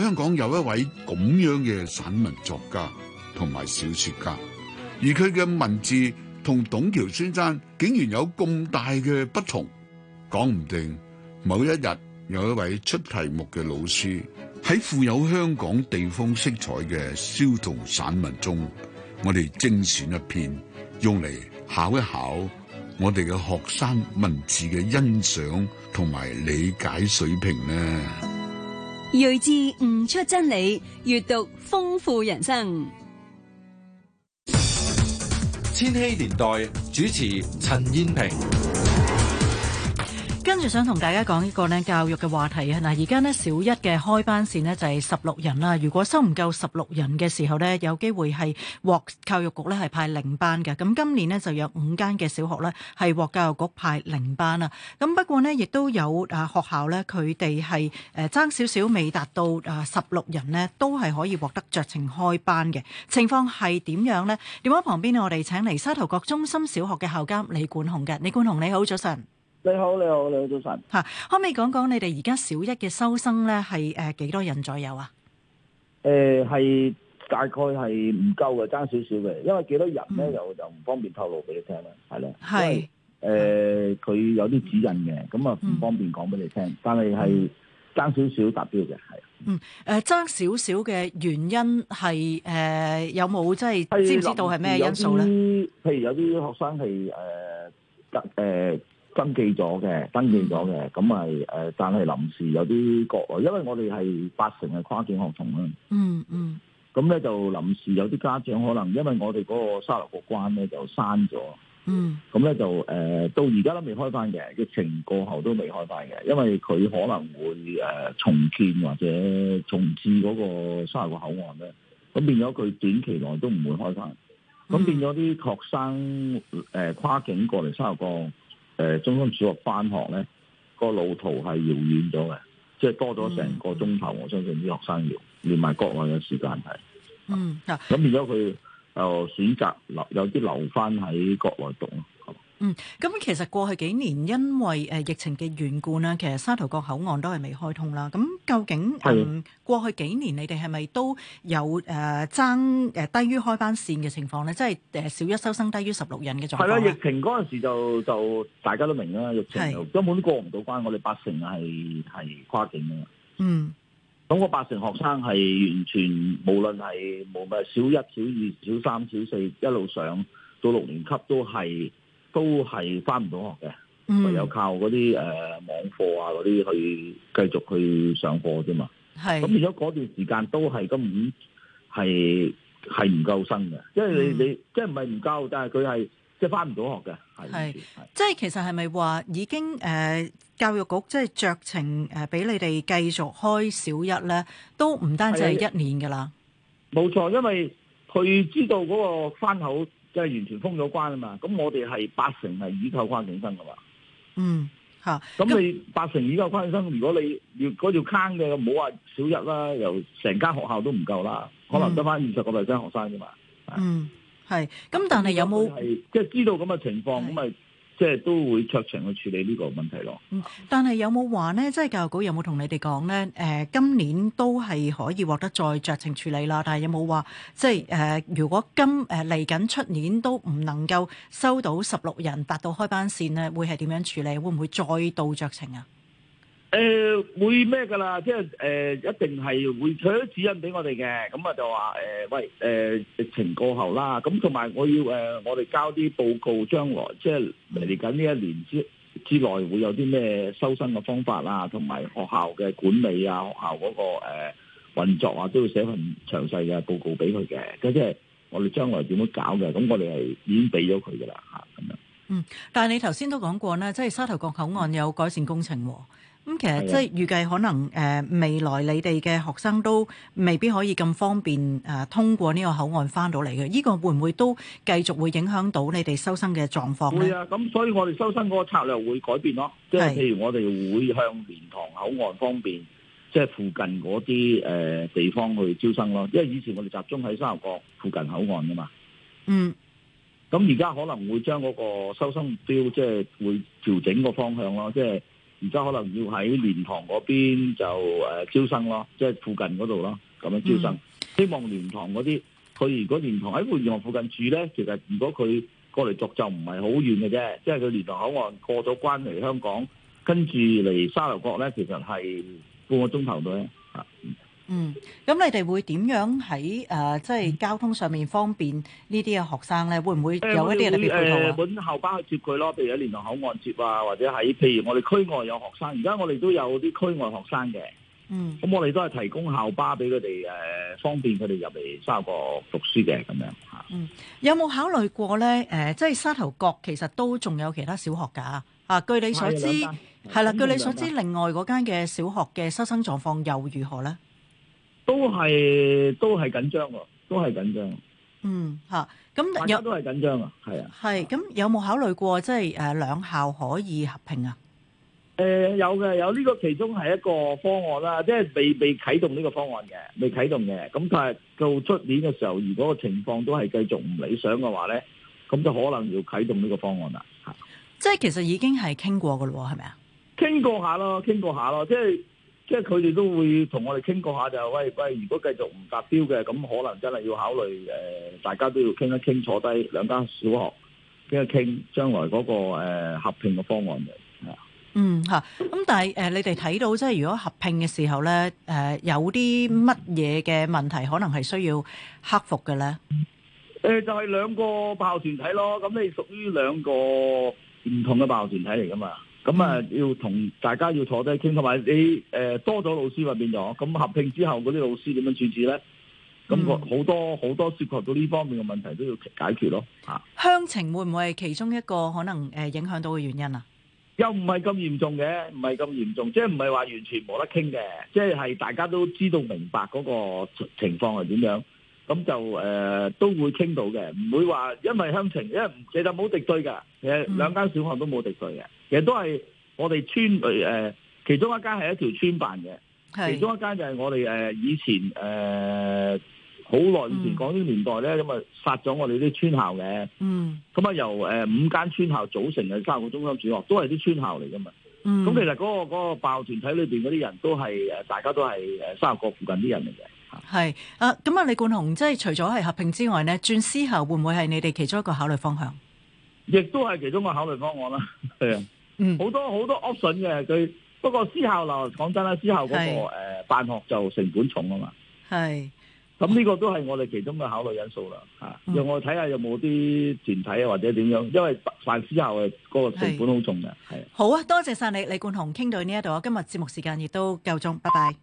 喺香港有一位咁樣嘅散文作家同埋小說家，而佢嘅文字同董橋先生竟然有咁大嘅不同，講唔定某一日有一位出題目嘅老師喺富有香港地方色彩嘅消童散文中，我哋精選一篇用嚟考一考我哋嘅學生文字嘅欣賞同埋理解水平呢？睿智悟出真理，閱讀豐富人生。千禧年代主持陳燕萍。跟住想同大家講一個呢教育嘅話題啊！嗱，而家呢小一嘅開班線呢就係十六人啦。如果收唔夠十六人嘅時候呢，有機會係獲教育局呢係派零班嘅。咁今年呢就有五間嘅小學呢係獲教育局派零班啦。咁不過呢，亦都有啊學校呢佢哋係誒爭少少未達到啊十六人呢都係可以獲得酌情開班嘅情況係點樣呢？電話旁邊我哋請嚟沙頭角中心小學嘅校監李冠洪嘅，李冠洪你好，早晨。你好，你好，你好早晨。吓，可唔可以講講你哋而家小一嘅收生咧，係誒幾多人左右啊？誒係大概係唔夠嘅爭少少嘅，因為幾多人咧，又又唔方便透露俾你聽啦，係啦。係誒，佢有啲指引嘅，咁啊唔方便講俾你聽。但係係爭少少達標嘅，係。嗯，誒爭少少嘅原因係誒有冇即係知唔知道係咩因素咧？譬如有啲學生係誒隔誒。登記咗嘅，登記咗嘅，咁咪誒？但係臨時有啲國內，因為我哋係八成係跨境學童啦。嗯嗯。咁咧就臨時有啲家長可能，因為我哋嗰個沙頭角關咧就閂咗。嗯。咁咧就誒、呃，到而家都未開翻嘅，疫情過後都未開翻嘅，因為佢可能會誒重建或者重置嗰個沙頭角口岸咧，咁變咗佢短期內都唔會開翻。咁、嗯、變咗啲學生誒跨境過嚟沙頭角，誒，中心小學翻學咧，個路途係遙遠咗嘅，即係多咗成個鐘頭，我相信啲學生要連埋國內嘅時間係。嗯，咁而家佢選選擇留，有啲留翻喺國內讀咯。咁、嗯、其實過去幾年，因為疫情嘅緣故啦，其實沙頭角口岸都係未開通啦。咁究竟、嗯、過去幾年，你哋係咪都有、呃、爭、呃、低於開班線嘅情況咧？即係小、呃、一收生低於十六人嘅狀況咧？係啦，疫情嗰時就就大家都明啦，疫情根本過唔到關。我哋八成係跨境嘅。嗯，咁、那、我、個、八成學生係完全無論係無論係小一小二小三小四一路上到六年級都係。都係返唔到學嘅，唯、嗯、有靠嗰啲誒網課啊嗰啲去繼續去上課啫嘛。係咁，而且嗰段時間都係根本係係唔夠生嘅，因為你、嗯、你即係唔係唔夠，但係佢係即係返唔到學嘅。係係即係其實係咪話已經誒、呃、教育局即係酌情誒俾你哋繼續開小一咧？都唔單止係一年㗎啦。冇錯，因為佢知道嗰個返口。即係完全封咗關啊嘛，咁我哋係八成係倚靠跨境生噶嘛。嗯，嚇，咁你八成倚靠跨境生，如果你要如果要慳嘅，唔好話少一啦，又成間學校都唔夠啦，可能得翻二十個外資學生啫嘛。嗯，係，咁但係有冇係即係知道咁嘅情況咁咪？即係都會酌情去處理呢個問題咯。嗯，但係有冇話呢？即係教育局有冇同你哋講呢？誒，今年都係可以獲得再酌情處理啦。但係有冇話即係誒，如果今誒嚟緊出年都唔能夠收到十六人達到開班線呢，會係點樣處理？會唔會再度酌情啊？誒會咩㗎啦？即係誒一定係會取咗指引俾我哋嘅，咁啊就話誒喂誒疫情過後啦，咁同埋我要誒我哋交啲報告，將來即係嚟緊呢一年之之內會有啲咩收生嘅方法啊，同埋學校嘅管理啊，學校嗰個誒運作啊，都要寫份詳細嘅報告俾佢嘅。咁即係我哋將來點樣搞嘅？咁我哋係已經俾咗佢㗎啦嚇，咁樣。嗯，但係你頭先都講過咧，即係沙頭角口岸有改善工程喎。咁其實即係預計可能誒未來你哋嘅學生都未必可以咁方便誒通過呢個口岸翻到嚟嘅，呢個會唔會都繼續會影響到你哋收生嘅狀況咧？會啊！咁所以我哋收生嗰個策略會改變咯，即係譬如我哋會向蓮塘口岸方面，即係附近嗰啲誒地方去招生咯。因為以前我哋集中喺沙頭角附近口岸噶嘛。嗯。咁而家可能會將嗰個收生標即係會調整個方向咯，即係。而家可能要喺蓮塘嗰邊就誒、呃、招生咯，即係附近嗰度咯，咁樣招生。Mm. 希望蓮塘嗰啲，佢如果蓮塘喺蓮塘附近住咧，其實如果佢過嚟讀就唔係好遠嘅啫，即係佢蓮塘口岸過咗關嚟香港，跟住嚟沙頭角咧，其實係半個鐘頭到。嗯，咁你哋會點樣喺誒，即、呃、係、就是、交通上面方便呢啲嘅學生咧？會唔會有一啲特別配套，呃呃、校巴去接佢咯，譬如喺蓮塘口岸接啊，或者喺，譬如我哋區外有學生，而家我哋都有啲區外學生嘅。嗯，咁我哋都係提供校巴俾佢哋誒，方便佢哋入嚟沙頭角讀書嘅咁樣吓。嗯，有冇考慮過咧？誒、呃，即係沙頭角其實都仲有其他小學噶啊？據你所知，係啦，據你所知，另外嗰間嘅小學嘅收生狀況又如何咧？都係都係緊張，都係緊張。嗯吓，咁、嗯、有都係緊張啊，係啊。係咁有冇考慮過即係誒兩校可以合併啊？誒、呃、有嘅，有呢個，其中係一個方案啦，即係未被啟動呢個方案嘅，未啟動嘅。咁但係到出年嘅時候，如果個情況都係繼續唔理想嘅話咧，咁就可能要啟動呢個方案啦。吓，即係其實已經係傾過嘅咯，係咪啊？傾過下咯，傾過下咯，即係。即係佢哋都會同我哋傾過下，就係喂喂，如果繼續唔達標嘅，咁可能真係要考慮誒，大家都要傾一傾，坐低兩間小學，傾一傾將來嗰個誒合併嘅方案嚟，係啊。嗯嚇，咁但係誒，你哋睇到即係如果合併嘅時候咧，誒有啲乜嘢嘅問題，可能係需要克服嘅咧？誒就係兩個辦學團體咯，咁你屬於兩個唔同嘅辦學團體嚟噶嘛？咁、嗯、啊，要同大家要坐低傾，同埋你誒、呃、多咗老師入邊咗。咁合併之後嗰啲老師點樣處置咧？咁好多好、嗯、多涉及到呢方面嘅問題都要解決咯。吓，鄉情會唔會係其中一個可能誒影響到嘅原因啊？又唔係咁嚴重嘅，唔係咁嚴重，即係唔係話完全冇得傾嘅，即係係大家都知道明白嗰個情況係點樣。咁就誒、呃、都會傾到嘅，唔會話因為鄉情，因為其實冇敵對嘅，其實兩間小學都冇敵對嘅，其實都係我哋村誒、呃，其中一間係一條村辦嘅，其中一間就係我哋誒、呃、以前誒好耐以前港英年代咧咁啊，殺、嗯、咗我哋啲村校嘅，咁、嗯、啊由、呃、五間村校組成嘅沙頭角中心小學，都係啲村校嚟㗎嘛。咁、嗯、其實嗰、那個嗰、那個暴團、那個、體裏面嗰啲人都係大家都係沙頭角附近啲人嚟嘅。係，誒，咁啊，李冠洪，即係除咗係合併之外咧，轉私校會唔會係你哋其中一個考慮方向？亦都係其中一個考慮方案啦、啊。係啊，嗯，好多好多 option 嘅，佢不過私校啦，講真啦，私校嗰個誒辦、呃、學就成本重啊嘛。係，咁呢個都係我哋其中嘅考慮因素啦。吓、嗯，讓我睇下有冇啲團體啊，或者點樣，因為辦私校嘅個成本好重嘅。係好啊，多謝晒你，李冠洪，傾到呢一度今日節目時間亦都夠鐘，拜拜。